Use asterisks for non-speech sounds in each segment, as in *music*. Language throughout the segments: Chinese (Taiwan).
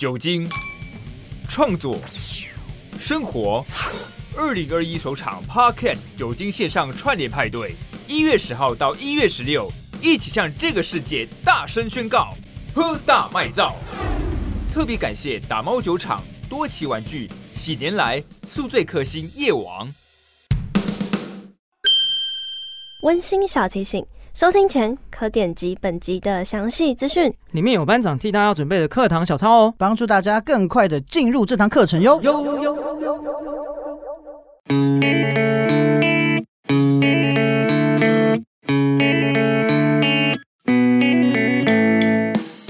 酒精、創作、生活，二零二一首場 Podcast 酒精線上串聯派對，一月十號到一月十六，一起向這個世界大聲宣告：喝膽麥造。特別感謝打貓酒廠、多奇玩具、喜年來宿醉克星夜王。溫馨小提醒。收聽前可點擊本集的詳細資訊，裡面有班長替大家準備的課堂小抄哦，幫助大家更快地進入這堂課程喲。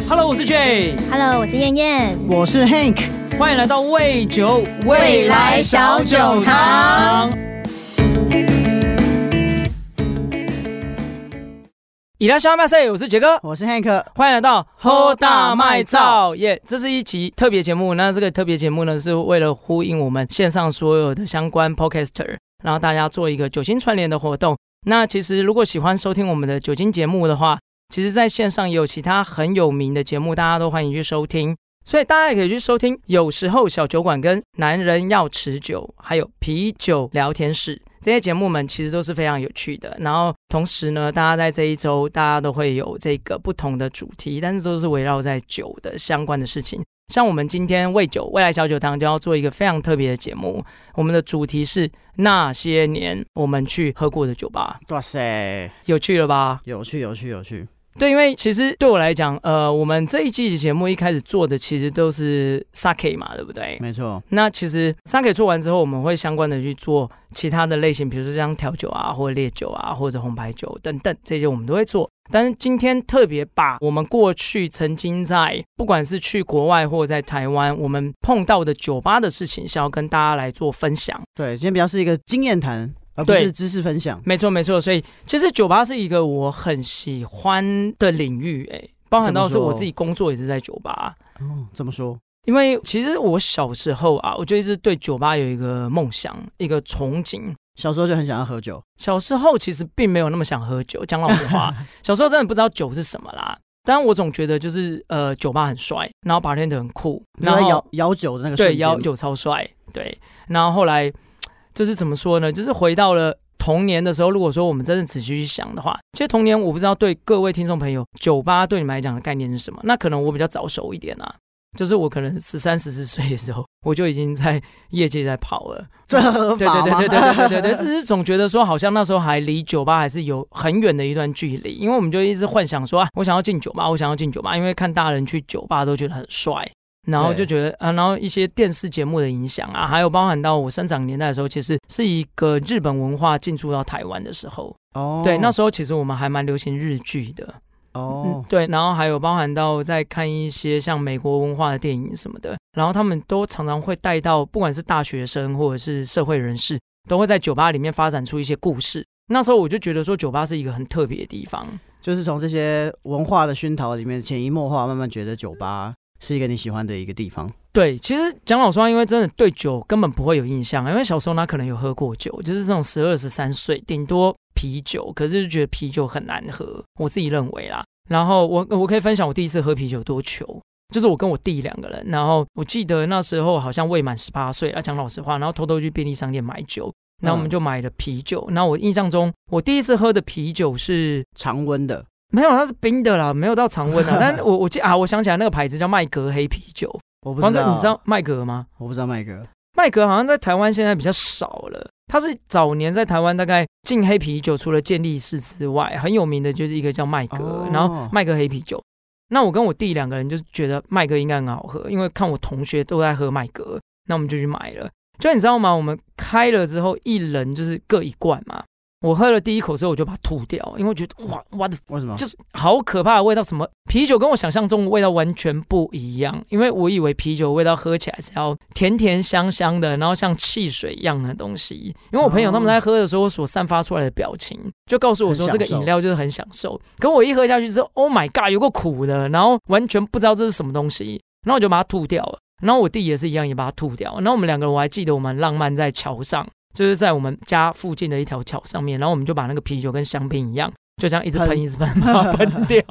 Hello，我是 Jay。Hello，我是燕燕。我是 Hank。歡迎來到味久未來小酒堂。以大笑賣菜，我是杰哥，我是 Hank，歡迎來到喝膽麥造耶，yeah, 這是一期特別節目，那這個特別節目呢，是為了呼應我們線上所有的相關 Podcaster，然後大家做一個酒精串聯的活動。那其實如果喜歡收聽我們的酒精節目的話，其實在線上也有其他很有名的節目，大家都歡迎去收聽。所以大家也可以去收聽，有時候小酒館跟男人要持久，還有啤酒聊天室。這些節目們其實都是非常有趣的，然後同時呢，大家在這一周大家都會有這個不同的主題，但是都是圍繞在酒的相關的事情。像我們今天喂酒未來小酒堂就要做一個非常特別的節目，我們的主題是那些年我們去喝過的酒吧，哇塞，有趣了吧？有趣，有趣，有趣，有趣，有趣。對，因為其實對我來講，呃，我們這一期節目一開始做的其實都是 sake 嘛，對不對？沒錯。那其實 sake 做完之後，我們會相關的去做其他的類型，比如說像調酒啊，或烈酒啊，或者紅白酒等等這些，我們都會做。但是今天特別把我們過去曾經在不管是去國外或在台灣，我們碰到的酒吧的事情，想要跟大家來做分享。對，今天比較是一個經驗談。對，是知識分享。沒錯，沒錯。所以其實酒吧是一個我很喜歡的領域，欸，哎，包含到是我自己工作也是在酒吧。怎麼說？哦，怎麼說？因為其實我小時候啊，我就一直對酒吧有一個夢想，一個憧憬。小時候就很想要喝酒。小時候其實並沒有那麼想喝酒，講老實話， *laughs* 小時候真的不知道酒是什麼啦。但我總覺得就是呃，酒吧很帥，然後 bartender 很酷，然後搖搖酒的那個瞬間，搖酒超帥。對，然後後來。就是怎麼說呢？就是回到了童年的時候。如果說我們真的仔細去想的話，其實童年我不知道對各位聽眾朋友，酒吧對你們來講的概念是什麼。那可能我比較早熟一點啊，就是我可能十三、十四歲的時候，我就已經在業界在跑了。這合法嗎？對對對對對對對。只是總覺得說，好像那時候還離酒吧還是有很遠的一段距離，因為我們就一直幻想說，啊，我想要進酒吧，我想要進酒吧，因為看大人去酒吧都覺得很帥。然後就覺得對啊，然後一些電視節目的影響啊，還有包含到我生長年代的時候，其實是一個日本文化進駐到台灣的時候哦，oh. 對，那時候其實我們還蠻流行日劇的哦，oh. 嗯，對，然後還有包含到在看一些像美國文化的電影什麼的，然後他們都常常會帶到，不管是大學生或者是社會人士，都會在酒吧裡面發展出一些故事。那時候我就覺得說，酒吧是一個很特別的地方，就是從這些文化的熏陶裡面潛移默化，慢慢覺得酒吧。是一個你喜歡的一個地方。對，其實講老實話，因為真的對酒根本不會有印象，因為小時候他可能有喝過酒，就是這種十二十三歲，頂多啤酒，可是就覺得啤酒很難喝，我自己認為啦。然後我我可以分享我第一次喝啤酒多糗，就是我跟我弟兩個人，然後我記得那時候好像未滿十八歲啊，講老實話，然後偷偷去便利商店買酒，那我們就買了啤酒。那我印象中，我第一次喝的啤酒是常溫的。沒有，它是冰的啦，沒有到常溫的 *laughs* 但我我記得啊，我想起來那個牌子叫麥格黑啤酒。我不知道，漢哥，你知道麥格嗎？我不知道麥格。麥格好像在台灣現在比較少了。它是早年在台灣大概進黑啤酒，除了健力士之外，很有名的就是一個叫麥格。哦，然後麥格黑啤酒，那我跟我弟兩個人就覺得麥格應該很好喝，因為看我同學都在喝麥格，那我們就去買了。就你知道嗎？我們開了之後，一人就是各一罐嘛。我喝了第一口之後，我就把它吐掉，因為我覺得哇哇的，為什麼就是好可怕的味道？什麼啤酒跟我想象中的味道完全不一樣，因為我以為啤酒味道喝起來是要甜甜香香的，然後像汽水一樣的東西。因為我朋友他們在喝的時候所散發出來的表情，oh, 就告訴我說這個飲料就是很享受。可我一喝下去之後，Oh my god，有個苦的，然後完全不知道這是什麼東西，然後我就把它吐掉了。然後我弟也是一樣，也把它吐掉。然後我們兩個人，我還記得我們浪漫在橋上，就是在我們家附近的一條橋上面，然後我們就把那個啤酒跟香檳一樣，就這樣一直噴一直噴，噴 *laughs* 掉，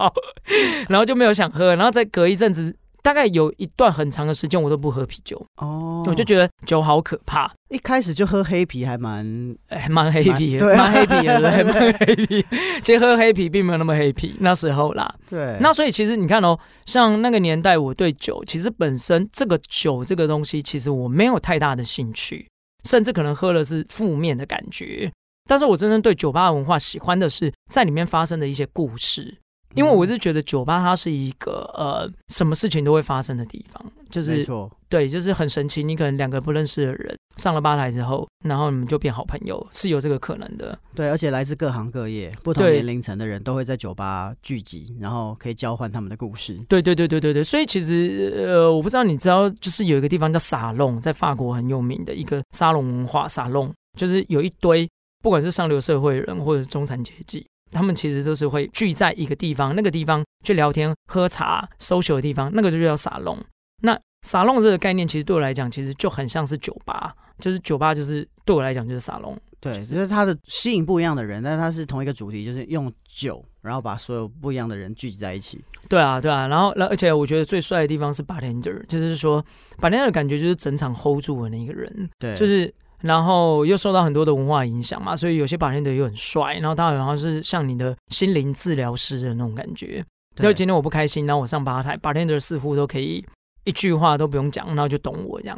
然後就沒有想喝。然後再隔一陣子，大概有一段很長的時間，我都不喝啤酒。哦，我就覺得酒好可怕。一開始就喝黑啤還蠻蠻黑啤的，蠻黑啤的，蠻黑啤。其實喝黑啤並沒有那麼黑啤，那時候啦。對。那所以其實你看哦，像那個年代，我對酒其實本身這個酒這個東西，其實我沒有太大的興趣。甚至可能喝了是負面的感覺，但是我真正對酒吧文化喜歡的是在裡面發生的一些故事。因為我是覺得酒吧它是一個呃什麼事情都會發生的地方，就是錯對，就是很神奇。你可能兩個不認識的人上了吧台之後，然後你們就變好朋友，是有這個可能的。對，而且來自各行各業、不同年齡層的人都會在酒吧聚集，對然後可以交換他們的故事。對對對對對對，所以其實呃，我不知道你知道，就是有一個地方叫沙龍，在法國很有名的一個沙龍文化，沙龍就是有一堆不管是上流社會的人或者是中產階級。他們其實都是會聚在一個地方，那個地方去聊天、喝茶、social 的地方，那個就叫沙龍。那沙龍這個概念，其實對我來講，其實就很像是酒吧，就是酒吧就是對我來講就是沙龍。對，就是它的吸引不一樣的人，但是它是同一個主題，就是用酒，然後把所有不一樣的人聚集在一起。對啊，對啊。然後，而且我覺得最帥的地方是 bartender，就是說 bartender 的感覺就是整場 hold 住的那個人。對，就是。然後又受到很多的文化影響嘛，所以有些 bartender 又很帥，然後他好像是像你的心靈治療師的那種感覺。對，然後今天我不開心，然後我上吧台，bartender 似乎都可以一句話都不用講，然後就懂我這樣。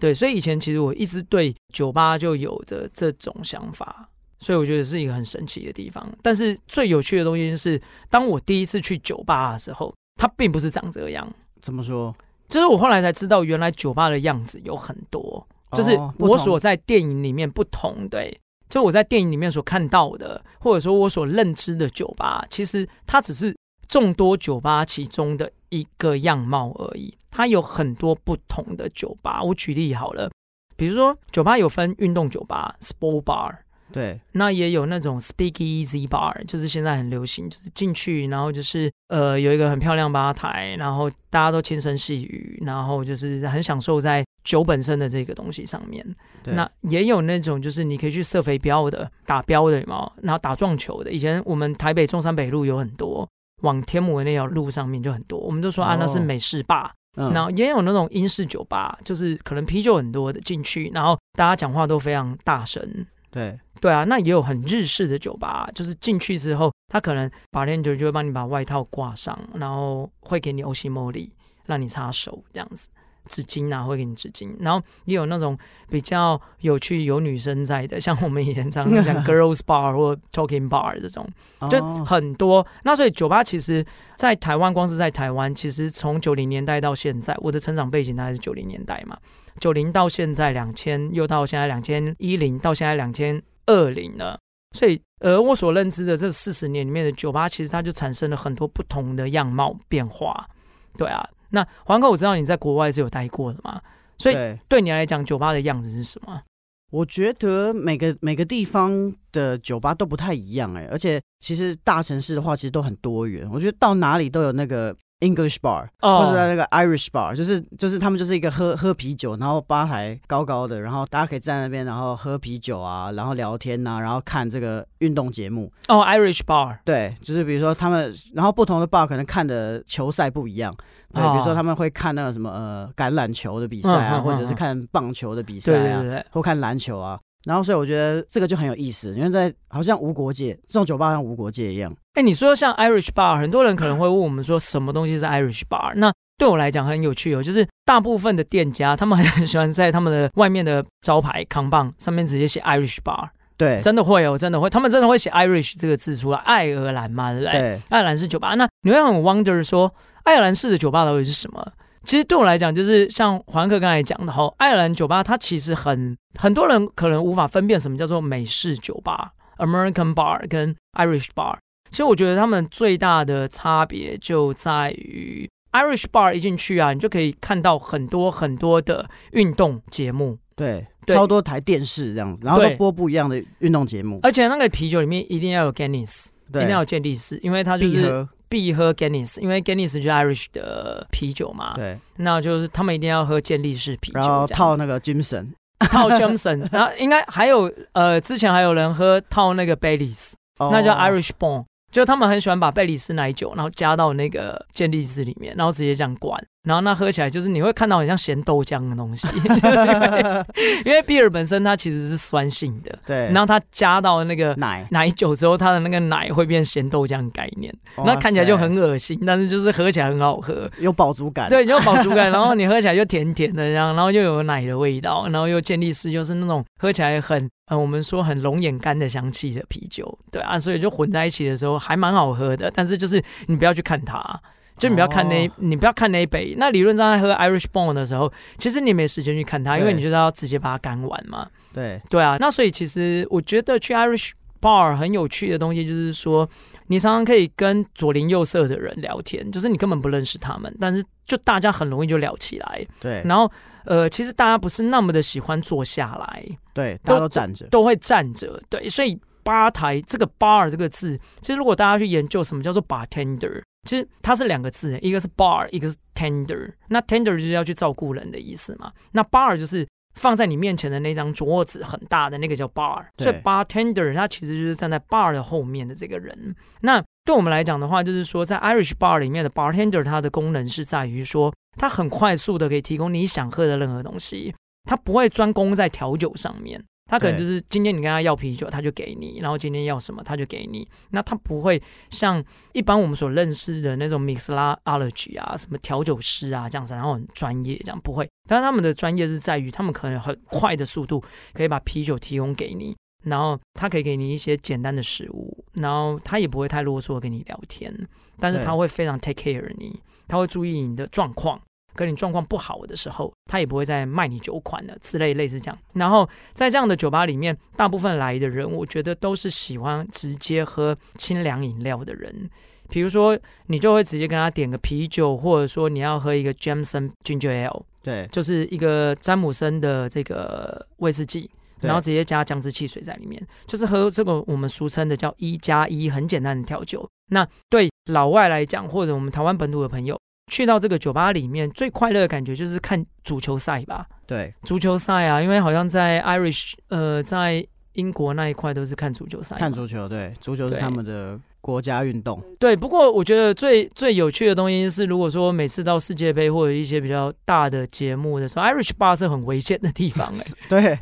對，所以以前其實我一直對酒吧就有着這種想法，所以我覺得是一個很神奇的地方。但是最有趣的東西就是，當我第一次去酒吧的時候，他並不是長這樣。怎麼說？就是我後來才知道，原來酒吧的樣子有很多。就是我所在電影裡面不同，哦、不同，對，就我在電影裡面所看到的，或者說我所認知的酒吧，其實它只是眾多酒吧其中的一個樣貌而已。它有很多不同的酒吧。我舉例好了，比如說酒吧有分運動酒吧 （sport bar），對，那也有那種 speak easy bar，就是現在很流行，就是進去然後就是呃有一個很漂亮的吧台，然後大家都輕聲細語，然後就是很享受在酒本身的這個東西上面，對那也有那種就是你可以去射飛鏢的，打鏢的有有，然後打撞球的。以前我們台北中山北路有很多，往天母的那條路上面就很多。我們都說啊，哦、那是美式吧。嗯、然後也有那種英式酒吧，就是可能啤酒很多的進去，然後大家講話都非常大聲。對對啊，那也有很日式的酒吧，就是進去之後，他可能把鏈酒就會幫你把外套掛上，然後會給你歐西茉莉讓你擦手這樣子。紙巾啊，會給你紙巾。然後也有那種比較有趣，有女生在的，像我們以前常，常講 *laughs* “girls bar” 或 “talking bar” 這種，就很多。Oh. 那所以酒吧其實，在台灣，光是在台灣，其實從九零年代到現在，我的成長背景大概是九零年代嘛，九零到現在兩千，又到現在兩千一零，到現在兩千二零了。所以，而我所認知的這四十年裡面的酒吧，其實它就產生了很多不同的樣貌變化。對啊。那漢哥，我知道你在國外是有待過的嘛，所以對你來講，對酒吧的樣子是什麼？我覺得每個每個地方的酒吧都不太一樣哎、欸，而且其實大城市的話，其實都很多元。我覺得到哪裡都有那個。English bar、oh. 或者是在那個 Irish bar，就是就是他們就是一個喝喝啤酒，然後吧台高高的，然後大家可以站在那邊，然後喝啤酒啊，然後聊天吶、啊，然後看這個運動節目。哦、oh，Irish bar，對，就是比如說他們，然後不同的 bar 可能看的球賽不一樣。對，oh. 比如說他們會看那個什麼呃橄欖球的比賽啊，uh huh, uh huh. 或者是看棒球的比賽啊，對對對，或看籃球啊。然後，所以我覺得這個就很有意思，因為在好像無國界這種酒吧，像無國界一樣。哎、欸，你說像 Irish Bar，很多人可能會問我們說，什麼東西是 Irish Bar。那對我來講很有趣哦，就是大部分的店家他們很喜歡在他們的外面的招牌扛棒上面直接寫 Irish Bar。對，真的會哦，真的會，他們真的會寫 Irish 這個字出來、啊，愛爾蘭嘛，對不對？愛爾蘭式酒吧。那你會很 wonder 說，愛爾蘭式的酒吧到底是什麼？其實對我來講，就是像漢克剛才講的哈，愛爾蘭酒吧它其實很，很多人可能無法分辨什麼叫做美式酒吧 （American Bar） 跟 Irish Bar。其實我覺得他們最大的差別就在於 Irish Bar 一進去啊，你就可以看到很多很多的運動節目，對，對超多台電視這樣，然後都播不一樣的運動節目。而且那個啤酒裡面一定要有 Guinness，一定要有健力士，對因為它就是。就是必喝 g u n n s 因為 g e n n e s s 是 Irish 的啤酒嘛。對，那就是他們一定要喝健力士啤酒。然後套那個 j i m s o n 套 j i m s o n 那應該還有呃，之前還有人喝套那個 Bailey's，oh. 那叫 Irish b o n e 就他們很喜歡把貝利斯奶酒，然後加到那個健力士裡面，然後直接這樣灌，然後那喝起來就是你會看到很像鹹豆漿的東西， *laughs* *laughs* 因為比爾本身它其實是酸性的，對，然後它加到那個奶奶酒之後，它奶的那個奶會變鹹豆漿概念，塞那看起來就很惡心，但是就是喝起來很好喝，有飽足感，對，有飽足感，然後你喝起來就甜甜的這樣，然後然後又有奶的味道，然後又健力士就是那種喝起來很。嗯、我們說很龍眼乾的香氣的啤酒，對啊，所以就混在一起的時候還蠻好喝的。但是就是你不要去看它，就你不要看那一，oh. 你不要看那一杯。那理論上在喝 Irish Bomb 的時候，其實你沒時間去看它，對因為你就是要直接把它乾完嘛。對對啊，那所以其實我覺得去 Irish Bar 很有趣的東西就是說，你常常可以跟左鄰右舍的人聊天，就是你根本不認識他們，但是。就大家很容易就聊起來，對。然後，呃，其實大家不是那麼的喜歡坐下來，對，大家都站着都，都會站着，對。所以，吧台這個 “bar” 這個字，其實如果大家去研究什麼叫做 bartender，其實它是兩個字，一個是 bar，一個是 tender。那 tender 就是要去照顧人的意思嘛，那 bar 就是放在你面前的那張桌子，很大的那個叫 bar 對。所以 bartender 他其實就是站在 bar 的後面的這個人。那對我們來講的話，就是說，在 Irish bar 裡面的 bartender，它的功能是在於說，它很快速的可以提供你想喝的任何東西，它不會專攻在調酒上面。它可能就是今天你跟他要啤酒，他就給你；然後今天要什麼，他就給你。那他不會像一般我們所認識的那種 mixology 啊，什麼調酒師啊這樣子，然後很專業這樣不會。但是他們的專業是在於，他們可能很快的速度可以把啤酒提供給你。然後他可以給你一些簡單的食物，然後他也不會太囉嗦跟你聊天，但是他會非常 take care 你，他會注意你的狀況。跟你狀況不好的時候，他也不會再賣你酒款了。之類類似這樣。然後在這樣的酒吧裡面，大部分來的人，我覺得都是喜歡直接喝清涼飲料的人，比如說你就會直接跟他點個啤酒，或者說你要喝一個 Jameson Ginger Ale，對，就是一個詹姆森的這個威士忌。然後直接加薑汁汽水在裡面，就是喝這個我們俗稱的叫一加一很簡單的調酒。那對老外來講，或者我們台灣本土的朋友，去到這個酒吧裡面最快樂的感覺就是看足球賽吧？對，足球賽啊，因為好像在 Irish，呃，在英國那一塊都是看足球賽，看足球，對，足球是他們的。國家運動。對，不過我覺得最最有趣的東西是，如果說每次到世界杯或者一些比較大的節目的時候，Irish Bar 是很危險的地方哎、欸， *laughs* 對，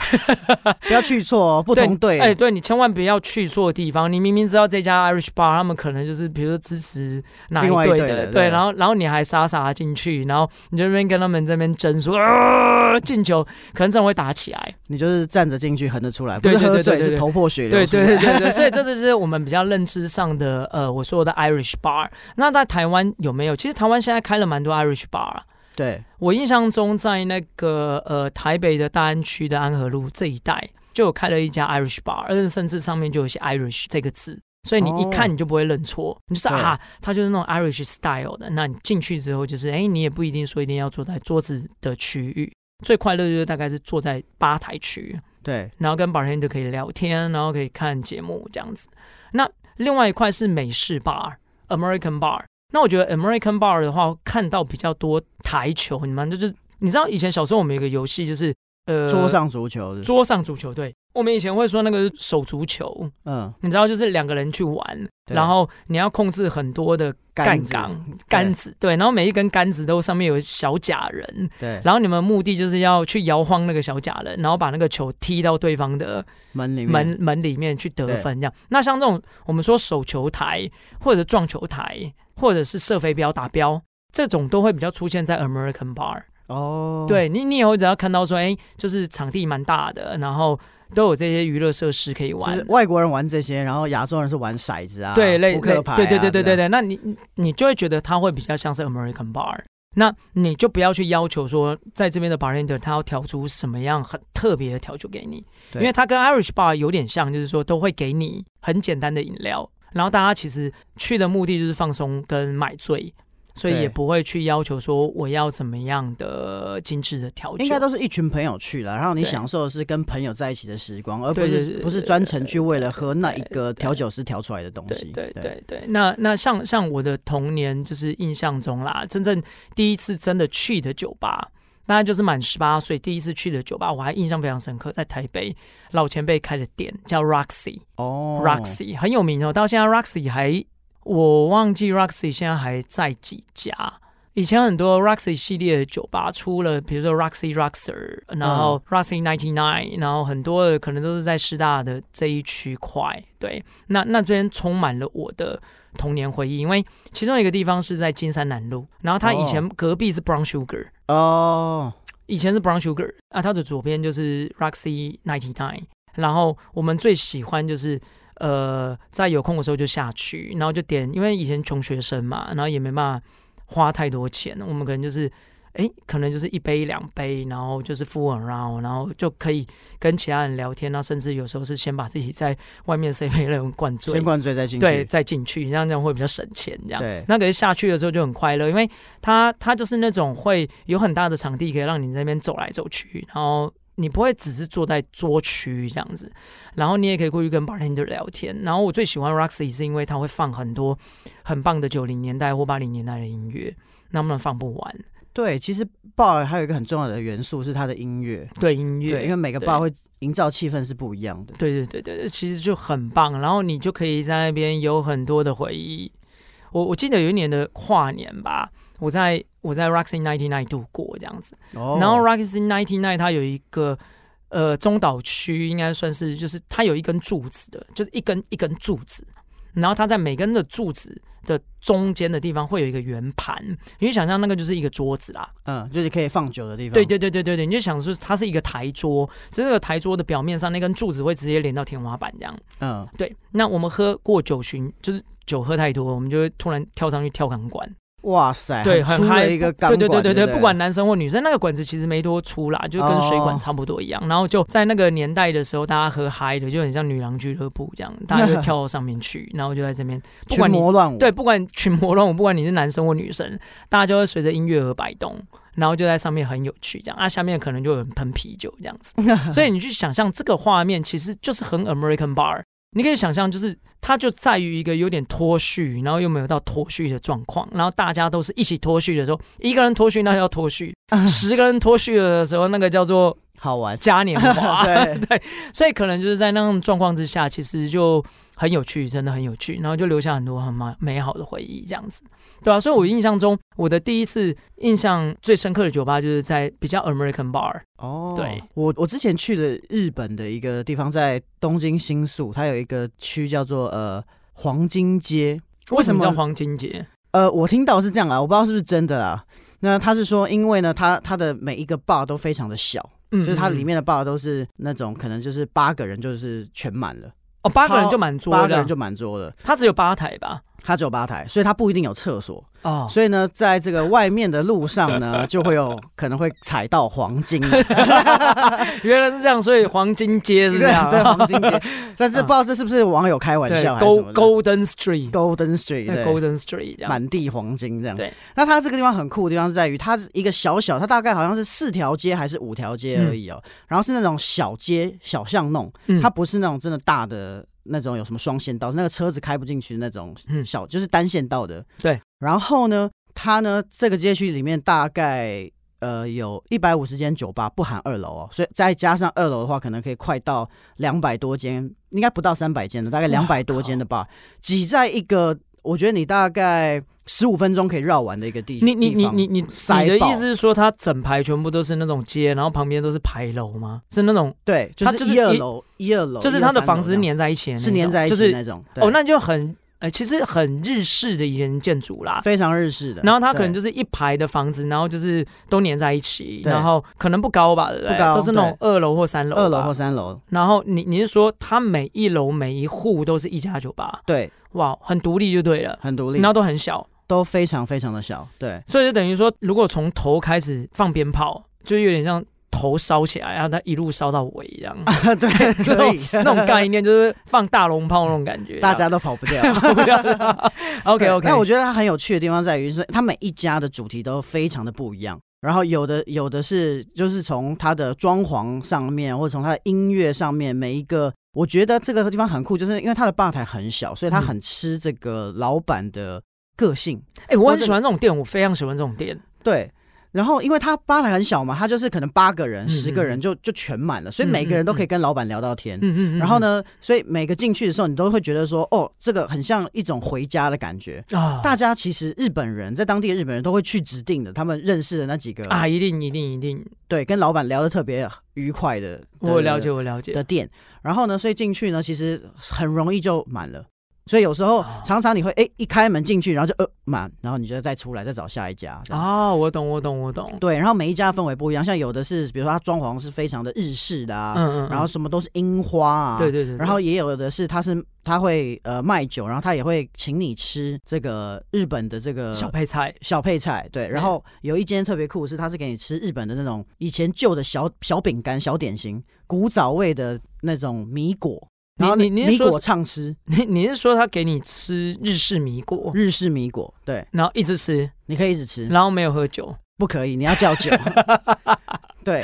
不要去錯、哦、不同隊，哎、欸，對你千萬不要去錯地方，你明明知道這家 Irish Bar 他們可能就是，比如說支持哪一隊的，的，對，對對然後然後你還傻傻進去，然後你這邊跟他們這邊爭說啊進球，可能這種會打起來，你就是站着進去，橫着出來，不是喝醉，是頭破血流，對對對，對對對對，所以這就是我們比較認知上的。呃呃，我說的 Irish bar，那在台灣有沒有？其實台灣現在開了蠻多 Irish bar。對，我印象中在那個呃台北的大安區的安和路這一帶，就有開了一家 Irish bar，甚至上面就有些 Irish 這個字，所以你一看你就不會認錯，oh, 你就是啊，對它就是那種 Irish style 的。那你進去之後，就是哎，你也不一定說一定要坐在桌子的區域，最快樂就是大概是坐在吧台區，對，然後跟 bartender 就可以聊天，然後可以看節目這樣子。那另外一塊是美式 bar，American bar。那我覺得 American bar 的話，看到比較多台球。你們就是你知道以前小時候我們有個遊戲，就是呃，桌上，是是桌上足球，桌上足球對。我們以前會說那個手足球，嗯，你知道就是兩個人去玩，對然後你要控制很多的杆杆杆子，對，然後每一根杆子都上面有小假人，對，然後你們目的就是要去搖晃那個小假人，然後把那個球踢到對方的門門裡面門，門裡面去得分，這樣。對那像這種我們說手球台或者撞球台或者是射飛鏢打標，這種都會比較出現在 American Bar 哦。對你，你以後只要看到說，哎，就是場地蠻大的，然後。都有這些娛樂設施可以玩，外國人玩這些，然後亞洲人是玩骰子啊，對，撲克牌啊，對對對對對對。那你你就會覺得他會比較像是 American Bar，那你就不要去要求說，在這邊的 Barender 他要調出什麼樣很特別的調酒給你。對因為他跟 Irish Bar 有點像，就是說都會給你很簡單的飲料，然後大家其實去的目的就是放鬆跟買醉。所以也不會去要求說我要怎麼樣的精致的調酒，對應該都是一群朋友去了，然後你享受的是跟朋友在一起的時光，對而不是不是專程去為了喝那一個調酒師調出來的東西。對對,對對對對，對對那那像像我的童年就是印象中啦，真正第一次真的去的酒吧，那就是滿十八歲第一次去的酒吧，我還印象非常深刻，在台北老前輩開的店叫 Roxy 哦，Roxy 很有名哦，到現在 Roxy 還。我忘記 Roxy 現在還在幾家。以前很多 Roxy 系列的酒吧，除了比如說 Roxy Rocker、然後 Roxy Ninety Nine，然後很多的可能都是在師大的這一區塊。對，那那這邊充滿了我的童年回憶，因為其中一個地方是在金山南路，然後它以前隔壁是 Brown Sugar。哦，以前是 Brown Sugar，啊，它的左邊就是 Roxy Ninety Nine，然後我們最喜歡就是。呃，在有空的時候就下去，然後就點，因為以前窮學生嘛，然後也沒辦法花太多錢。我們可能就是，哎，可能就是一杯兩杯，然後就是付完然後，然後就可以跟其他人聊天啊，然後甚至有時候是先把自己在外面隨便那種灌醉，先灌醉再進去，對，再進去，這樣這樣會比較省錢，這樣。對。那可是下去的時候就很快樂，因為他它，它就是那種會有很大的場地，可以讓你在那邊走來走去，然後。你不會只是坐在桌區這樣子，然後你也可以過去跟 bartender 聊天。然後我最喜歡 Roxy 是因為它會放很多很棒的九零年代或八零年代的音樂，能不能放不完？對，其實 bar 還有一個很重要的元素是它的音樂，對音樂，對，因為每個 bar 會營造氣氛是不一樣的。對對對對，其實就很棒。然後你就可以在那邊有很多的回憶。我我記得有一年的跨年吧。我在我在 Roxy Ninety Nine 度過這樣子，oh. 然後 Roxy Ninety Nine 它有一個呃中島區，應該算是，就是它有一根柱子的，就是一根一根柱子，然後它在每根的柱子的中間的地方會有一個圓盤，你就想象那個就是一個桌子啦，嗯，就是可以放酒的地方。對對對對對對，你就想說它是一個檯桌，所以這個檯桌的表面上那根柱子會直接連到天花板這樣。嗯，對。那我們喝過酒巡，就是酒喝太多，我們就會突然跳上去跳鋼管。哇塞，對，很嗨的一個。對對對對對，對不對？不管男生或女生，那個管子其實沒多粗啦，就跟水管差不多一樣。Oh. 然後就在那個年代的時候，大家喝嗨的，就很像女郎俱樂部這樣，大家就跳到上面去， *laughs* 然後就在這邊不管你，對，不管群魔亂舞，不管你是男生或女生，大家就會隨着音樂而擺動，然後就在上面很有趣這樣。啊，下面可能就有人噴啤酒這樣子。 *laughs* 所以你去想象這個畫面，其實就是很 American bar。你可以想象，就是它就在於一個有點脫序，然後又沒有到脫序的狀況，然後大家都是一起脫序的時候，一個人脫序那叫脫序，序 *laughs* 十個人脫序的時候，那個叫做。好玩嘉年華， *laughs* 對對，所以可能就是在那種狀況之下，其實就很有趣，真的很有趣，然後就留下很多很美美好的回憶，這樣子，對啊，所以，我印象中，我的第一次印象最深刻的酒吧就是在比較 American Bar。哦，對，我我之前去了日本的一個地方，在東京新宿，它有一個區叫做呃黃金街。為什，為什麼叫黃金街？呃，我聽到是這樣啊，我不知道是不是真的啊。那他是說，因為呢，他他的每一個 bar 都非常的小。嗯， *noise* 就是它裡面的包都是那種，可能就是八個人就是全滿了，哦，八個人就滿桌了，八個人就滿桌了，它只有八台吧。它只有吧台，所以它不一定有廁所哦。Oh. 所以呢，在這個外面的路上呢， *laughs* 就會有可能會踩到黃金、啊。 *laughs* *laughs* 原來是這樣，所以黃金街是這樣對。對，黃金街。但是不知道這是不是網友開玩笑、， *laughs* 嗯、還是什麼這樣 Golden Street，Golden Street，Golden Street,、yeah, Golden Street，這樣滿地黃金這樣。對。那它這個地方很酷的地方是在於，它是一個小小，它大概好像是四條街還是五條街而已哦。嗯、然後是那種小街小巷弄，它不是那種真的大的。嗯那種有什麼雙線道，那個車子開不進去那種，嗯，小，就是單線道的。對，然後呢，它呢這個街區裡面大概呃有一百五十間酒吧，不含二樓哦，所以再加上二樓的話，可能可以快到兩百多間，應該不到三百間的，大概兩百多間的吧，哇擠在一個。我覺得你大概十五分鐘可以繞完的一個地方。你你你你你，你的意思是說，它整排全部都是那種街，然後旁邊都是牌樓嗎？是那種對，就是,一,它就是一樓、一二樓，就是它的房子粘在一起的，是粘在一起的那種。哦，那就很。哎，其實很日式的一些建築啦，非常日式的。然後它可能就是一排的房子，對然後就是都黏在一起，對然後可能不高吧，對不對？不高，都是那種二樓或三樓。二樓或三樓。然後你你是說，它每一樓每一戶都是一家酒吧？對，哇，很獨立就對了，很獨立，然後都很小，都非常非常的小，對。所以就等於說，如果從頭開始放鞭炮，就有點像。頭燒起來，啊，然後他一路燒到尾，一樣，啊。對，以 *laughs* 那種概念就是放大龍炮那種感覺，大家都跑不掉，啊 *laughs* 不。OK OK。那我覺得它很有趣的地方在於，是它每一家的主題都非常的不一樣。然後有的有的是就是從它的裝潢上面，或者從它的音樂上面，每一個我覺得這個地方很酷，就是因為它的吧台很小，所以它很吃這個老闆的個性。哎，嗯欸，我很喜歡這種店，哦，我非常喜歡這種店。對。然後，因為他吧台很小嘛，他就是可能八個人，嗯、十個人就就全滿了，所以每個人都可以跟老闆聊到天。嗯嗯。然後呢，所以每個進去的時候，你都會覺得說，哦，這個很像一種回家的感覺啊。哦、大家其實日本人在當地的日本人都會去指定的，他們認識的那幾個啊，一定一定一定，一定對，跟老闆聊得特別愉快的。的我了解，我了解的店。然後呢，所以進去呢，其實很容易就滿了。所以有時候常常你會哎，一開門進去，然後就呃，滿，然後你就再出來，再找下一家啊。我懂我懂我懂。對，然後每一家氛圍不一樣，像有的是比如說他裝潢是非常的日式的啊，然後什麼都是櫻花啊。對對對，然後也有的是他是他會呃，賣酒，然後他也會請你吃這個日本的這個小配菜。小配菜，對，然後有一間特別酷是他是給你吃日本的那種以前舊的小小餅乾、小點心、古早味的那種米果。然後你你你是說暢吃？你你是說他給你吃日式米果？日式米果對，然後一直吃，你可以一直吃。然後沒有喝酒，不可以，你要叫酒。對，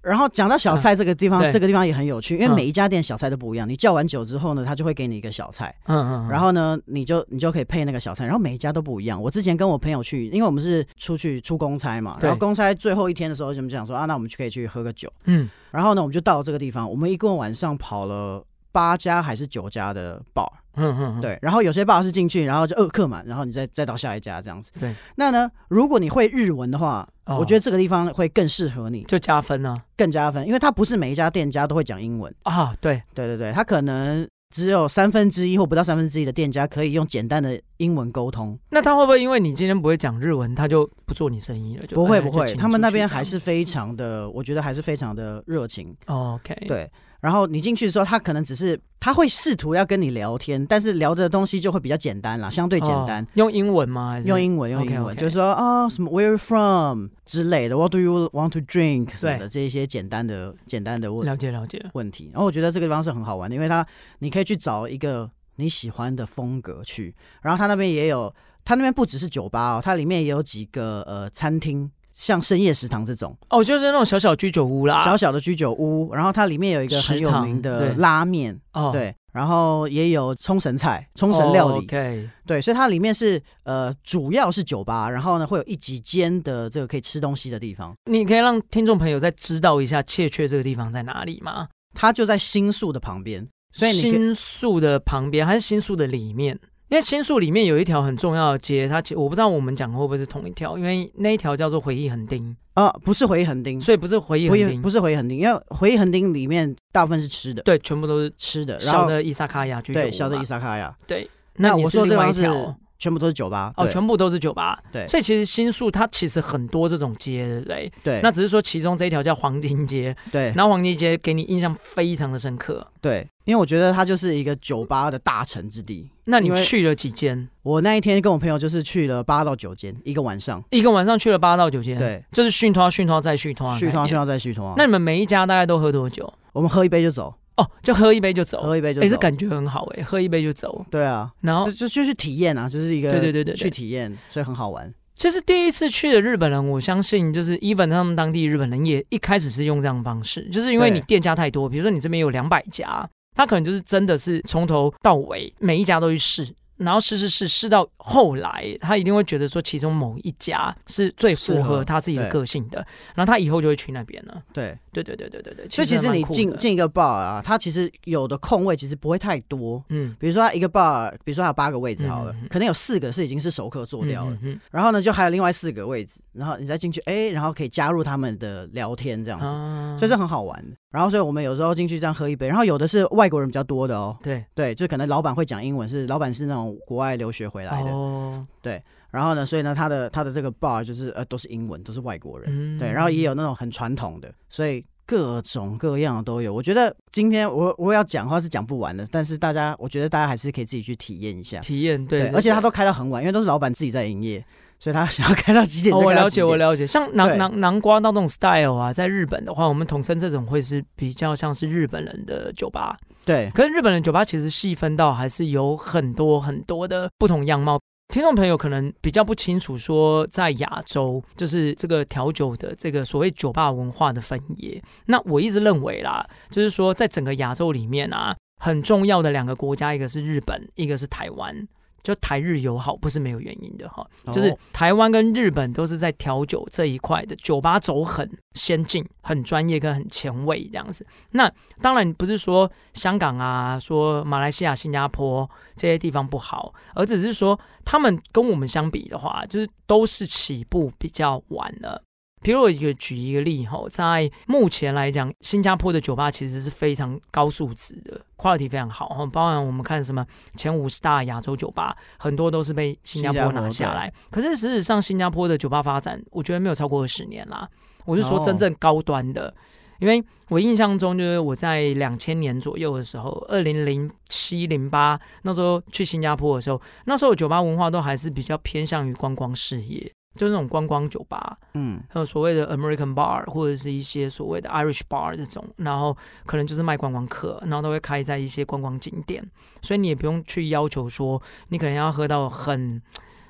然後講到小菜這個地方，這個地方也很有趣，因為每一家店小菜都不一樣。你叫完酒之後呢，他就會給你一個小菜，嗯嗯，然後呢，你就你就可以配那個小菜，然後每一家都不一樣。我之前跟我朋友去，因為我們是出去出公差嘛，然後公差最後一天的時候，我們想說啊，那我們去可以去喝個酒，嗯，然後呢，我們就到了這個地方，我們一共晚上跑了。八家還是九家的 bar 嗯嗯，嗯對，然後有些 bar 是進去，然後就二客嘛，然後你再再到下一家這樣子。對，那呢，如果你會日文的話，哦、我覺得這個地方會更適合你，就加分呢、啊，更加分，因為它不是每一家店家都會講英文啊、哦。對對對對，他可能只有三分之一或不到三分之一的店家可以用簡單的英文溝通。那他會不會因為你今天不會講日文，他就不做你生意了？就嗯、不會不會，他們那邊還是非常的，嗯、我覺得還是非常的熱情。哦、OK，對。然後你進去的時候，他可能只是他會試圖要跟你聊天，但是聊的東西就會比較簡單啦，相對簡單。哦、用英文嗎？用英文，用英文，Okay, okay. 就是說啊，什麼 Where are you from 之類的，What do you want to drink 對什麼的，這一些簡單的、簡單的問了解、了解了問題。然後我覺得這個地方是很好玩的，因為他，你可以去找一個你喜歡的風格去。然後他那邊也有，他那邊不只是酒吧哦，它裡面也有幾個呃餐廳。像深夜食堂這種哦，就是那種小小居酒屋啦，小小的居酒屋，然後它裡面有一個很有名的拉麵哦，對，對哦、然後也有沖繩菜、沖繩料理，哦 okay、對，所以它裡面是呃，主要是酒吧，然後呢會有一幾間的這個可以吃東西的地方。你可以讓聽眾朋友再知道一下確切這個地方在哪裡嗎？它就在新宿的旁邊，所以，你可以新宿的旁邊還是新宿的裡面？因為新宿裡面有一條很重要的街，它其我不知道我們講會不會是同一條，因為那一條叫做回憶橫丁啊、呃，不是回憶橫丁，所以不是回憶橫丁，不是回憶橫丁，因為回憶橫丁裡面大部分是吃的，對，全部都是吃的然後，小的伊薩卡亞，對，小的伊薩卡亞。對，那我說這條全部都是酒吧哦，全部都是酒吧。對，所以其實新宿它其實很多這種街，對不對？對。那只是說其中這一條叫黃金街。對。然後黃金街給你印象非常的深刻。對，因為我覺得它就是一個酒吧的大城之地。那你去了幾間？我那一天跟我朋友就是去了八到九間，一個晚上。一個晚上去了八到九間。對，就是續攤、續攤再續攤、續攤、續攤再續攤。那你們每一家大概都喝多久？我們喝一杯就走。哦，就喝一杯就走，喝一杯就走，也、欸、是感覺很好誒、欸。喝一杯就走，對啊，然後就就，就去體驗啊，就是一個對，對對對對，去體驗，所以很好玩。其實第一次去的日本人，我相信就是 even 他們當地日本人也一開始是用這樣的方式，就是因為你店家太多，對比如說你這邊有兩百家，他可能就是真的是從頭到尾每一家都去試。然後試試試試到後來，他一定會覺得說其中某一家是最符合他自己的個性的，然後他以後就會去那邊了。對對對對對對對。所以其實你進進一個 bar 啊，它其實有的空位其實不會太多。嗯。比如說他一個 bar，比如說他有八個位置好了，嗯、哼哼可能有四個是已經是熟客坐掉了，嗯、哼哼然後呢就還有另外四個位置，然後你再進去，哎，然後可以加入他們的聊天這樣子，啊、所以這很好玩。然後，所以我們有時候進去這樣喝一杯。然後有的是外國人比較多的哦。對對，就可能老闆會講英文是，是老闆是那種國外留學回來的。哦，對。然後呢，所以呢，他的他的這個 bar 就是呃，都是英文，都是外國人。嗯，對，然後也有那種很傳統的，所以各種各樣的都有。我覺得今天我我要講的話是講不完的，但是大家，我覺得大家還是可以自己去體驗一下。體驗對，對而且他都開到很晚，因為都是老闆自己在營業。所以他想要開到幾點就開到幾點。哦，我了解，我了解。像南南南瓜那種 style 啊，在日本的話，我們統稱這種會是比較像是日本人的酒吧。對，可是日本人酒吧其實細分到還是有很多很多的不同樣貌。聽眾朋友可能比較不清楚，說在亞洲就是這個調酒的這個所謂酒吧文化的分野。那我一直認為啦，就是說在整個亞洲裡面啊，很重要的兩個國家，一個是日本，一個是台灣。就台日友好不是沒有原因的哈，就是台灣跟日本都是在調酒這一塊的，酒吧走很先進、很專業跟很前衛這樣子。那當然不是說香港啊、說馬來西亞、新加坡這些地方不好，而只是說他們跟我們相比的話，就是都是起步比較晚了。比如我一個舉一個例哈，在目前來講，新加坡的酒吧其實是非常高素質的，quality 非常好哈。包含我們看什麼前五十大亞洲酒吧，很多都是被新加坡拿下來。可是事實上，新加坡的酒吧發展，我覺得沒有超過二十年啦。我是說真正高端的，oh. 因為我印象中就是我在兩千年左右的時候，二零零七零八那時候去新加坡的時候，那時候酒吧文化都還是比較偏向於觀光事業。就那種觀光酒吧，嗯，還有所謂的 American bar 或者是一些所謂的 Irish bar 這種，然後可能就是賣觀光客，然後都會開在一些觀光景點，所以你也不用去要求說你可能要喝到很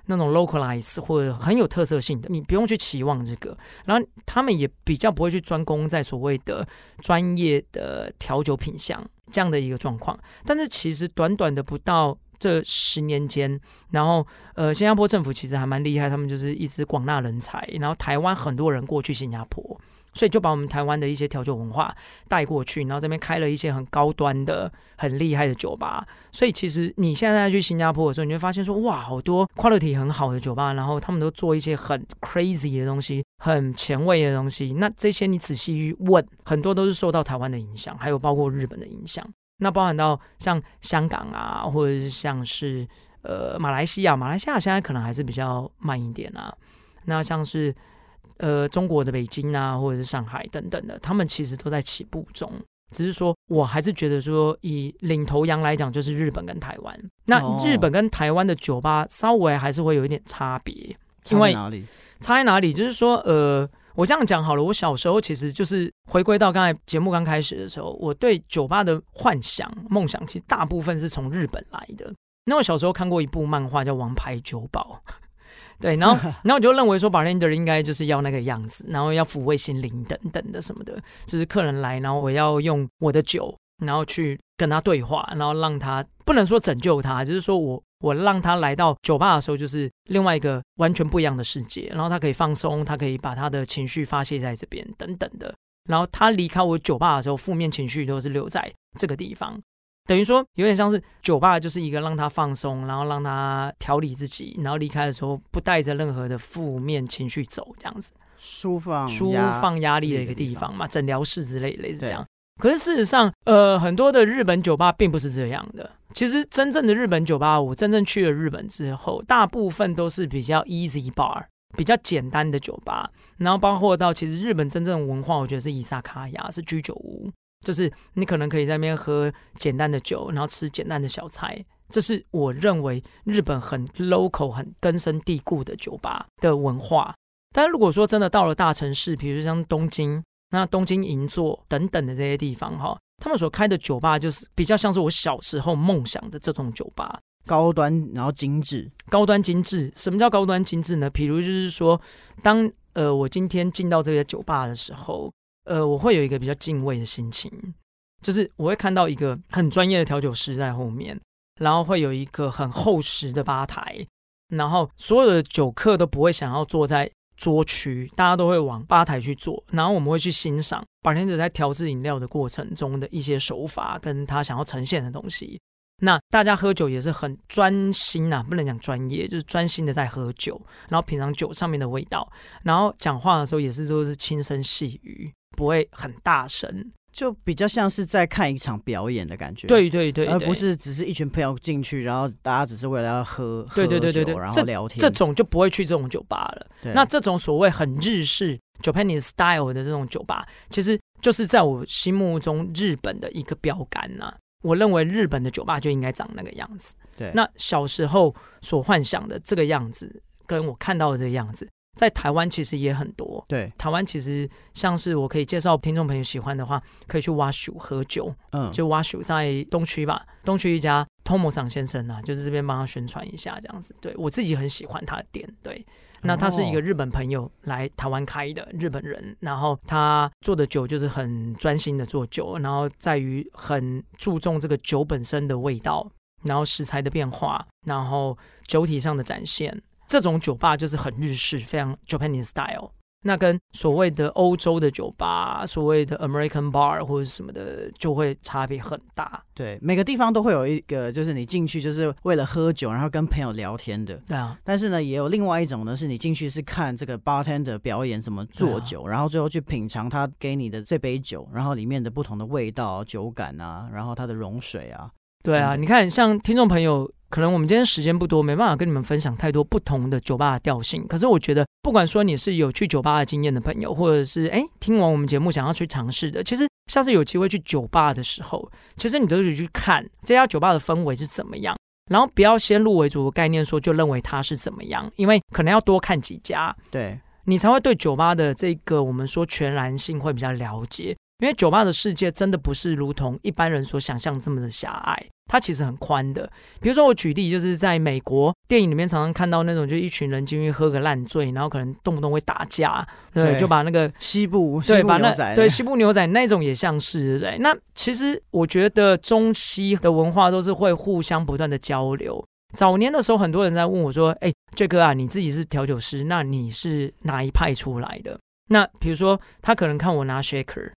那種 localize 或者很有特色性的，你不用去期望這個，然後他們也比較不會去專攻在所謂的專業的調酒品項這樣的一個狀況，但是其實短短的不到這十年間，然後呃，新加坡政府其實還蠻厲害，他們就是一直廣納人才，然後台灣很多人過去新加坡，所以就把我們台灣的一些調酒文化帶過去，然後這邊開了一些很高端的、很厲害的酒吧。所以其實你現在在去新加坡的時候，你會發現說哇，好多 quality 很好的酒吧，然後他們都做一些很 crazy 的東西、很前衛的東西。那這些你仔細去問，很多都是受到台灣的影響，還有包括日本的影響。那包含到像香港啊，或者是像是呃馬來西亞，馬來西亞現在可能還是比較慢一點啊。那像是呃中國的北京啊，或者是上海等等的，他們其實都在起步中。只是說我還是覺得說，以領頭羊來講，就是日本跟台灣。那日本跟台灣的酒吧稍微還是會有一點差別。差在哪裡？因為差在哪裡？就是說呃。我這樣講好了。我小時候其實就是回歸到剛才節目剛開始的時候，我對酒吧的幻想、夢想，其實大部分是從日本來的。那我小時候看過一部漫畫叫《王牌酒保》， *laughs* 對，然後 *laughs* 然後我就認為說，bartender 應該就是要那個樣子，然後要撫慰心靈等等的什麼的，就是客人來，然後我要用我的酒，然後去跟他對話，然後讓他不能說拯救他，就是說我。我讓他來到酒吧的時候，就是另外一個完全不一樣的世界，然後他可以放鬆，他可以把他的情緒發泄在這邊等等的。然後他離開我酒吧的時候，負面情緒都是留在這個地方，等於說有點像是酒吧就是一個讓他放鬆，然後讓他調理自己，然後離開的時候不帶着任何的負面情緒走，這樣子舒放舒放壓力的一個地方嘛，診療室之類類似這樣。對可是事實上，呃，很多的日本酒吧並不是這樣的。其實真正的日本酒吧，我真正去了日本之後，大部分都是比較 easy bar，比較簡單的酒吧。然後包括到其實日本真正的文化，我覺得是伊薩卡亞，是居酒屋，就是你可能可以在那邊喝簡單的酒，然後吃簡單的小菜。這是我認為日本很 local、很根深蒂固的酒吧的文化。但如果說真的到了大城市，比如像東京。那東京銀座等等的這些地方、哦，哈，他們所開的酒吧就是比較像是我小時候夢想的這種酒吧，高端然後精緻，高端精緻。什麼叫高端精緻呢？比如就是說，當呃我今天進到這個酒吧的時候，呃我會有一個比較敬畏的心情，就是我會看到一個很專業的調酒師在後面，然後會有一個很厚實的吧台，然後所有的酒客都不會想要坐在。桌區，大家都會往吧台去做，然後我們會去欣賞百天 r 在調製飲料的過程中的一些手法，跟他想要呈現的東西。那大家喝酒也是很專心啊，不能講專業，就是專心的在喝酒，然後品嘗酒上面的味道，然後講話的時候也是都是輕聲細語，不會很大聲。就比較像是在看一場表演的感覺，對對，對對對，而不是只是一群朋友進去，然後大家只是為了要喝，對對對對，對然後聊天這，這種就不會去這種酒吧了。對。那這種所謂很日式 （Japanese style） 的這種酒吧，其實就是在我心目中日本的一個標杆吶。我認為日本的酒吧就應該長那個樣子。對，那小時候所幻想的這個樣子，跟我看到的這個樣子。在台灣其實也很多。對，台灣其實像是我可以介紹聽眾朋友喜歡的話，可以去 WA-SHU 喝酒。嗯，就 WA-SHU 在東區吧，東區一家 Tomo san 先生啊，就是這邊幫他宣傳一下這樣子。對，我自己很喜歡他的店。對，那他是一個日本朋友來台灣開的日本人，嗯、然後他做的酒就是很專心的做酒，然後在於很注重這個酒本身的味道，然後食材的變化，然後酒體上的展現。這種酒吧就是很日式，非常 Japanese style。那跟所謂的歐洲的酒吧，所謂的 American bar 或者什麼的，就會差別很大。對，每個地方都會有一個，就是你進去就是為了喝酒，然後跟朋友聊天的。對啊。但是呢，也有另外一種呢，是你進去是看這個 bartender 表演怎麼做酒，對啊，然後最後去品嘗他給你的這杯酒，然後裡面的不同的味道、酒感啊，然後它的融水啊。對啊，嗯、對，你看，像聽眾朋友，可能我們今天時間不多，沒辦法跟你們分享太多不同的酒吧的調性。可是我覺得，不管說你是有去酒吧的經驗的朋友，或者是誒聽完我們節目想要去嘗試的，其實下次有機會去酒吧的時候，其實你都得去看這家酒吧的氛圍是怎麼樣，然後不要先入為主的概念說就認為它是怎麼樣，因為可能要多看幾家，對你才會對酒吧的這個我們說全然性會比較了解。因為酒吧的世界真的不是如同一般人所想象這麼的狹隘，它其實很寬的。比如說，我舉例就是在美國電影裡面常常看到那種，就一群人進去喝個爛醉，然後可能動不動會打架，對，對，對，就把那個西部，西部對，部牛仔把那對西部牛仔那種也像是對，對。 *laughs* 那其實我覺得中西的文化都是會互相不斷的交流。早年的時候，很多人在問我說：“哎這 a 啊，你自己是調酒師，那你是哪一派出來的？”那比如說，他可能看我拿 shaker。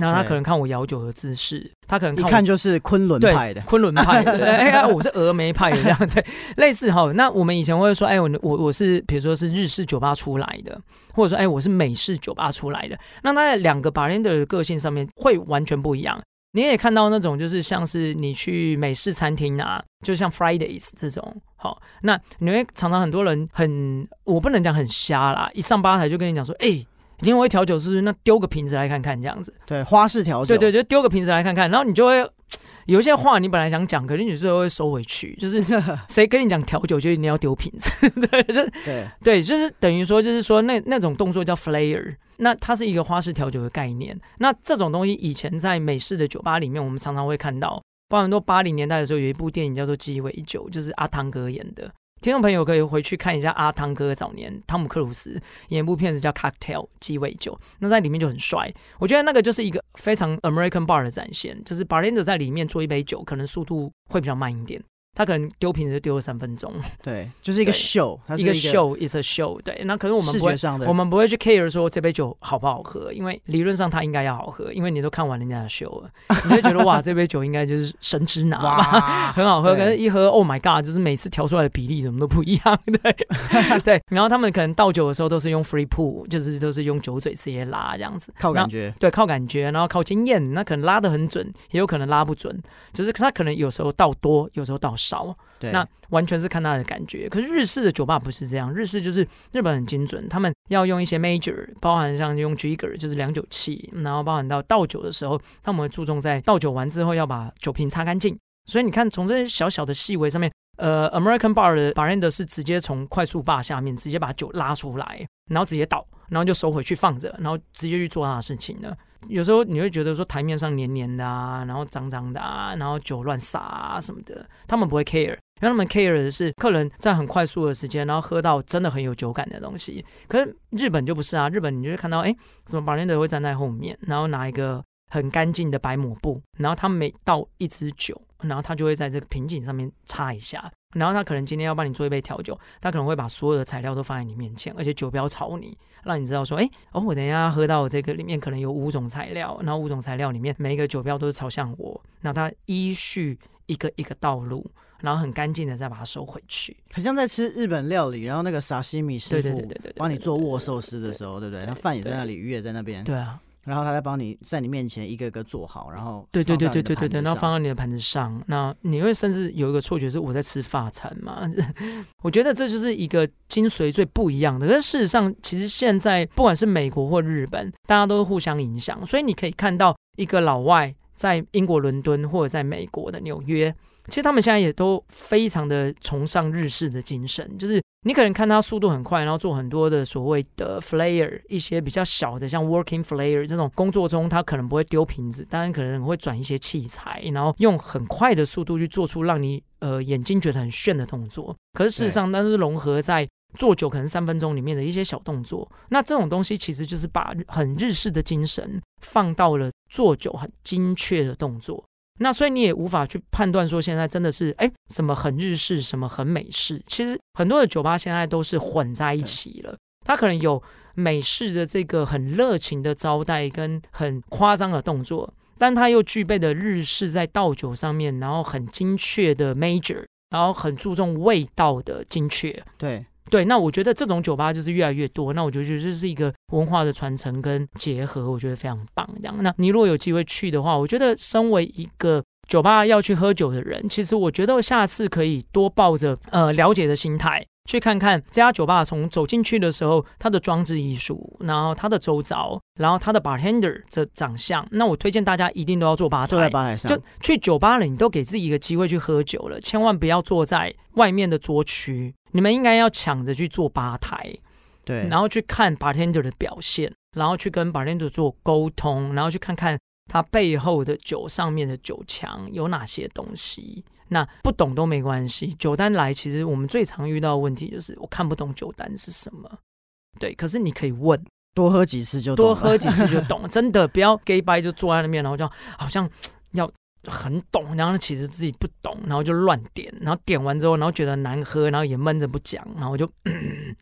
那他可能看我搖酒的姿勢，他可能一看就是崑崙派的，崑崙派的。哎呀，我是峨眉派的這樣，對，類似哈。那我們以前會說，哎，我我我是，比如說是日式酒吧出來的，或者說，哎，我是美式酒吧出來的。那他在兩個 bartender 的個性上面會完全不一樣。你也看到那種，就是像是你去美式餐廳啊，就像 Fridays 這種，好，那你會常常很多人很，我不能講很瞎啦，一上吧台就跟你講說，哎。因為調酒師，那丟個瓶子來看看這樣子。對，對花式調酒，對對，就丟個瓶子來看看，然後你就會有一些話你本來想講，嗯、可是你最後會收回去。就是誰跟你講調酒，就一定要丟瓶子，對，就是，對對，就是等於說，就是說那那種動作叫 flair，那它是一個花式調酒的概念。那這種東西以前在美式的酒吧裡面，我們常常會看到。包含到八零年代的時候，有一部電影叫做《雞尾酒》，就是阿湯哥演的。聽眾朋友可以回去看一下阿湯哥早年湯姆克魯斯演一部片子叫《Cocktail 雞尾酒》，那在裡面就很帥。我覺得那個就是一個非常 American Bar 的展現，就是 Bartender 在裡面做一杯酒，可能速度會比較慢一點。他可能丟瓶子丟了三分鐘，對，就是一個秀對，是一個秀，is a show。對，那可是我們不會，我們不會去 care 說這杯酒好不好喝，因為理論上它應該要好喝，因為你都看完人家的秀了，你就覺得 *laughs* 哇，這杯酒應該就是神之拿，哇很好喝。對可是一喝，Oh my God，就是每次調出來的比例什麼都不一樣，對 *laughs* 對。然後他們可能倒酒的時候都是用 free pour，就是都是用酒嘴直接拉這樣子，靠感覺，對，靠感覺，然後靠經驗，那可能拉得很準，也有可能拉不準，就是他可能有時候倒多，有時候倒少。少，對那完全是看他的感覺。可是日式的酒吧不是這樣，日式就是日本很精準，他們要用一些 major，包含像用 jigger 就是量酒器，然後包含到倒酒的時候，他們會注重在倒酒完之後要把酒瓶擦乾淨。所以你看，從這些小小的細微上面，呃，American bar 的 bartender 是直接從快速吧下面直接把酒拉出來，然後直接倒，然後就收回去放着，然後直接去做他的事情了。有時候你會覺得說台面上黏黏的啊，然後髒脏的啊，然後酒亂撒啊什麼的，他們不會 care，因為他們 care 的是客人在很快速的時間，然後喝到真的很有酒感的東西。可是日本就不是啊，日本你就會看到，哎，什麼 bartender 會站在後面，然後拿一個很乾淨的白抹布，然後他每倒一支酒，然後他就會在這個瓶頸上面擦一下。然後他可能今天要幫你做一杯調酒，他可能會把所有的材料都放在你面前，而且酒標朝你，讓你知道說，哎，哦，我等一下喝到這個裡面可能有五種材料，然後五種材料裡面每一個酒標都是朝向我，然後他依序一個一個倒入，然後很乾淨的再把它收回去，很像在吃日本料理，然後那個沙西米師傅幫你做握壽司的時候，對不對？那飯也在那裡，魚也在那邊，對啊。然後他再幫你在你面前一個一個做好，然後對對對對對對，然後放到你的盤子上， *noise* 那你會甚至有一個錯覺是我在吃發餐嘛？ *laughs* 我覺得這就是一個精髓最不一樣的。但是事實上，其實現在不管是美國或日本，大家都互相影響，所以你可以看到一個老外在英國倫敦或者在美國的紐約。其實他們現在也都非常的崇尚日式的精神，就是你可能看他速度很快，然後做很多的所謂的 flair，一些比較小的，像 working flair 這種工作中，他可能不會丟瓶子，當然可能會轉一些器材，然後用很快的速度去做出讓你呃眼睛覺得很炫的動作。可是事實上，但是融合在做酒可能三分鐘裡面的一些小動作。那這種東西其實就是把很日式的精神放到了做酒很精確的動作。那所以你也無法去判斷說現在真的是，哎，什麼很日式，什麼很美式，其實很多的酒吧現在都是混在一起了。它可能有美式的這個很熱情的招待跟很誇張的動作，但它又具備的日式在倒酒上面，然後很精確的 major，然後很注重味道的精確。對。對，那我覺得這種酒吧就是越來越多，那我覺得這是一個文化的傳承跟結合，我覺得非常棒，這樣，那你如果有機會去的話，我覺得身為一個酒吧要去喝酒的人，其實我覺得我下次可以多抱着呃了解的心態。去看看這家酒吧，從走進去的時候，它的裝置藝術，然後它的周遭，然後它的 bartender 的長相。那我推薦大家一定都要坐吧台，坐在吧台上。就去酒吧裡你都給自己一個機會去喝酒了，千萬不要坐在外面的桌區。你們應該要搶着去坐吧台，對，然後去看 bartender 的表現，然後去跟 bartender 做溝通，然後去看看他背後的酒上面的酒牆有哪些東西。那不懂都沒關係，酒單來，其實我們最常遇到的問題就是我看不懂酒單是什麼，對，可是你可以問，多喝幾次就懂，多喝幾次就懂， *laughs* 真的不要假掰就坐在那邊，然後就好像要。很懂，然後其實自己不懂，然後就亂點，然後點完之後，然後覺得難喝，然後也悶着不講，然後就咳咳，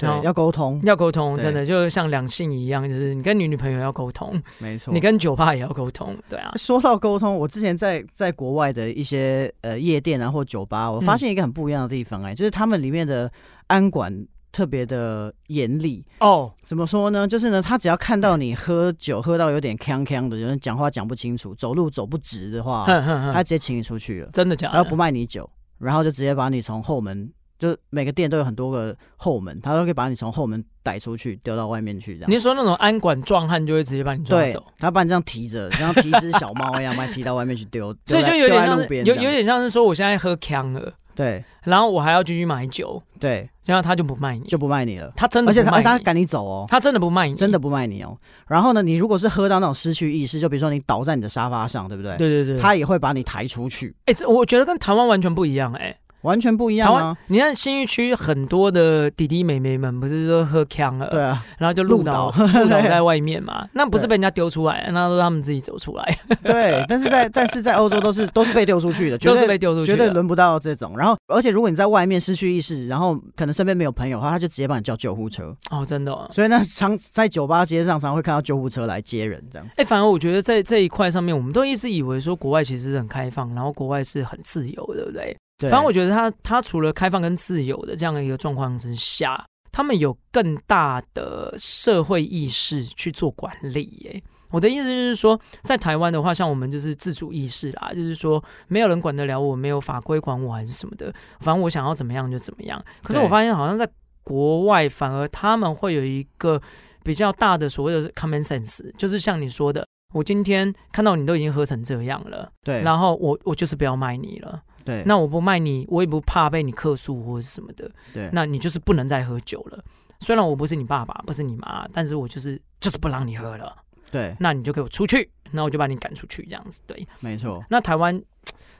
然後，對，要溝通，要溝通，對真的就像兩性一樣，就是你跟女女朋友要溝通，沒錯，你跟酒吧也要溝通，對啊。說到溝通，我之前在在國外的一些呃夜店啊或酒吧，我發現一個很不一樣的地方哎、欸，嗯、就是他們裡面的安管。特別的嚴厲哦，oh. 怎麼說呢？就是呢，他只要看到你喝酒，嗯、喝到有點嗆嗆的，有人講話講不清楚，走路走不直的話，哼哼哼他直接請你出去了。真的假的？然後不賣你酒，然後就直接把你從後門。就每個店都有很多個後門，他都可以把你從後門逮出去，丟到外面去。這樣你說那種安管壯漢就會直接把你帶走，他把你這樣提着，像提隻小貓一樣，把你提到外面去丟。所以就有點像，有有點像是說我現在喝鏘了，對，然後我還要繼續買酒，對，然後他就不賣你，就不賣你了。他真的，而且他趕你走哦，他真的不賣你，真的不賣你哦。然後呢，你如果是喝到那種失去意識，就比如說你倒在你的沙發上，對不對？對對對，他也會把你抬出去。哎，這我覺得跟台灣完全不一樣，哎。完全不一樣啊！你看信義區很多的弟弟妹妹們，不是說喝鏘了，對啊，然後就路倒路倒刀在外面嘛，對那不是被人家丟出來，那是他們自己走出來。對，但是在 *laughs* 但是在歐洲都是都是被丟出去的，就是被丟出去的，絕對輪不到這種。然後，而且如果你在外面失去意識，然後可能身邊沒有朋友的話，他就直接幫你叫救護車哦，真的。哦。所以那常在酒吧街上常，常會看到救護車來接人這樣子。哎、欸，反而我覺得在這一塊上面，我們都一直以為說國外其實是很開放，然後國外是很自由，對不對？對反正我覺得他他除了開放跟自由的這樣的一個狀況之下，他們有更大的社會意識去做管理。耶，我的意思就是說，在台灣的話，像我們就是自主意識啦，就是說沒有人管得了我，沒有法規管我，還是什麼的，反正我想要怎麼樣就怎麼樣。可是我發現好像在國外，反而他們會有一個比較大的所謂的 common sense，就是像你說的，我今天看到你都已經喝成這樣了，對，然後我我就是不要賣你了。對，那我不賣你，我也不怕被你客訴或者什麼的。對，那你就是不能再喝酒了。雖然我不是你爸爸，不是你媽，但是我就是就是不讓你喝了。對，那你就給我出去，那我就把你趕出去，這樣子。對，沒錯錯。那台灣，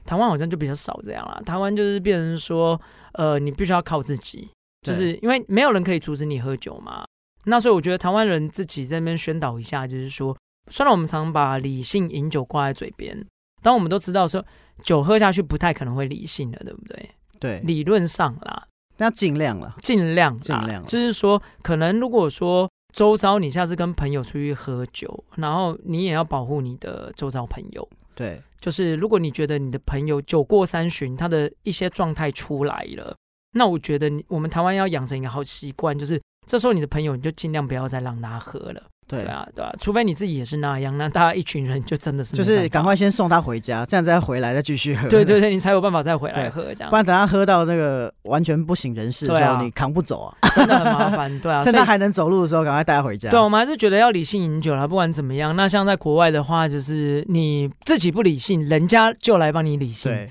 台灣好像就比較少這樣啦。台灣就是變成說，呃，你必須要靠自己，就是因為沒有人可以阻止你喝酒嘛。對那所以我覺得台灣人自己在那邊宣導一下，就是說，雖然我們常把理性飲酒掛在嘴邊，當我們都知道說，酒喝下去不太可能會理性了，對不對？對，理論上啦，那盡量啦，盡量，盡量。就是說，可能如果說周遭，你下次跟朋友出去喝酒，然後你也要保護你的周遭朋友。對，就是如果你覺得你的朋友酒過三巡，他的一些狀態出來了，那我覺得我們台灣要養成一個好習慣，就是這時候你的朋友你就盡量不要再讓他喝了。對啊，對啊，除非你自己也是那樣，那大家一群人就真的是就是趕快先送他回家，這樣再回來再繼續喝。對對對，你才有辦法再回來喝。對這樣不然等他喝到那個完全不省人事的時候，啊、你扛不走啊，真的很麻煩。對啊， *laughs* 趁他還能走路的時候，趕 *laughs* 快帶他回家。對，我們還是覺得要理性飲酒了，不管怎麼樣。那像在國外的話，就是你自己不理性，人家就來幫你理性。對，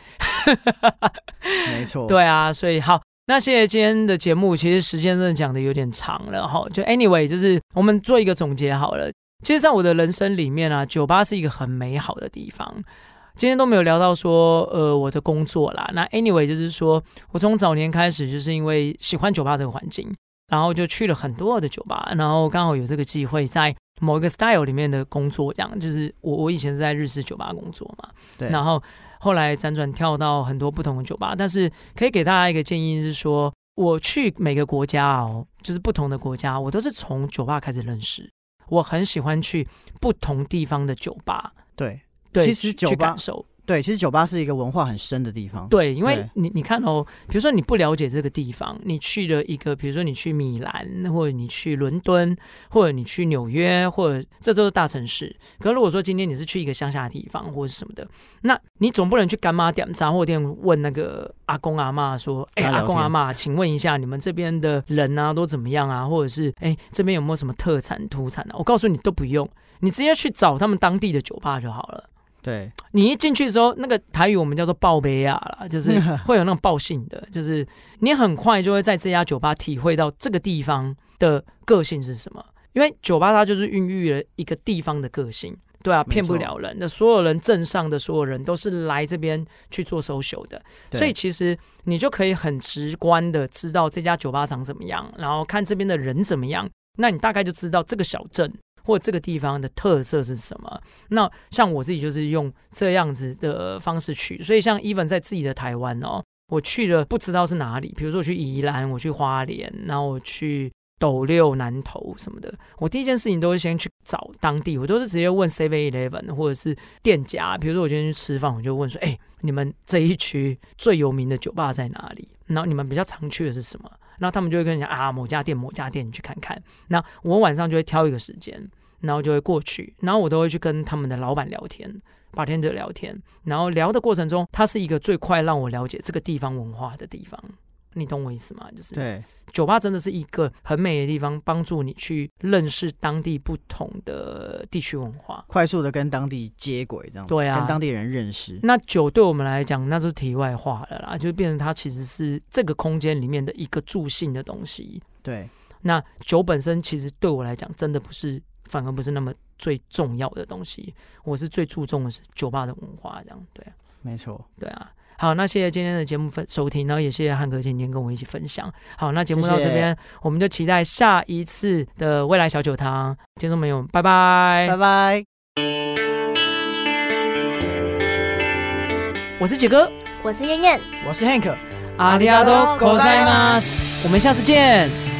*laughs* 沒錯。對啊，所以好。那謝謝今天的節目，其實時間真的講的有點長了哈。就 anyway，就是我們做一個總結好了。其實，在我的人生裡面啊，酒吧是一個很美好的地方。今天都沒有聊到說，呃，我的工作啦。那 anyway，就是說我從早年開始，就是因為喜歡酒吧這個環境，然後就去了很多的酒吧，然後剛好有這個機會在某一個 style 裡面的工作，這樣就是我我以前是在日式酒吧工作嘛，對，然後。後來輾轉跳到很多不同的酒吧，但是可以給大家一個建議是說，我去每個國家哦，就是不同的國家，我都是從酒吧開始認識。我很喜歡去不同地方的酒吧，對，對，其實酒吧去感受。對，其實酒吧是一個文化很深的地方。對，因為你對你看哦，比如說你不了解這個地方，你去了一個，比如說你去米蘭，或者你去倫敦，或者你去紐約，或者這都是大城市。可是如果說今天你是去一個鄉下的地方，或者什麼的，那你總不能去干媽店雜貨店問那個阿公阿嬤說：“哎，阿公阿嬤，請問一下，你們這邊的人啊都怎麼樣啊？或者是哎，這邊有沒有什麼特產土產啊？”我告訴你，都不用，你直接去找他們當地的酒吧就好了。對，你一進去的時候，那個台語我們叫做報備啊啦，就是會有那種報信的， *laughs* 就是你很快就會在這家酒吧體會到這個地方的個性是什麼，因為酒吧它就是孕育了一個地方的個性，對啊，騙不了人的。錯所有人鎮上的所有人都是來這邊去做 social 的，對所以其實你就可以很直觀的知道這家酒吧長怎麼樣，然後看這邊的人怎麼樣，那你大概就知道這個小鎮。或這個地方的特色是什麼？那像我自己就是用這樣子的方式去，所以像 Even 在自己的台灣哦，我去了不知道是哪裡，比如說我去宜蘭，我去花蓮，然後我去斗六、南投什麼的，我第一件事情都是先去找當地，我都是直接問 Seven Eleven 或者是店家，比如說我今天去吃飯，我就問說：哎、欸，你們這一區最有名的酒吧在哪裡？然後你們比較常去的是什麼？然後他們就會跟你講啊，某家店、某家店，你去看看。那我晚上就會挑一個時間，然後就會過去。然後我都會去跟他們的老闆聊天，八天的聊天。然後聊的過程中，他是一個最快讓我了解這個地方文化的地方。你懂我意思嗎？就是對酒吧真的是一個很美的地方，幫助你去認識當地不同的地區文化，快速的跟當地接軌，這樣對啊，跟當地人認識。那酒對我們來講，那是題外話了啦，就變成它其實是這個空間裡面的一個助興的東西。對，那酒本身其實對我來講，真的不是，反而不是那麼最重要的東西。我是最注重的是酒吧的文化這樣，對，沒錯，對啊。好，那謝謝今天的節目分收聽，然後也謝謝漢克今天跟我一起分享。好，那節目到這邊，謝謝，我們就期待下一次的未來小酒堂，聽眾朋友，拜拜，拜拜 bye。我是杰哥，我是燕燕，我是漢克，阿里亞多科塞馬斯，我們下次見。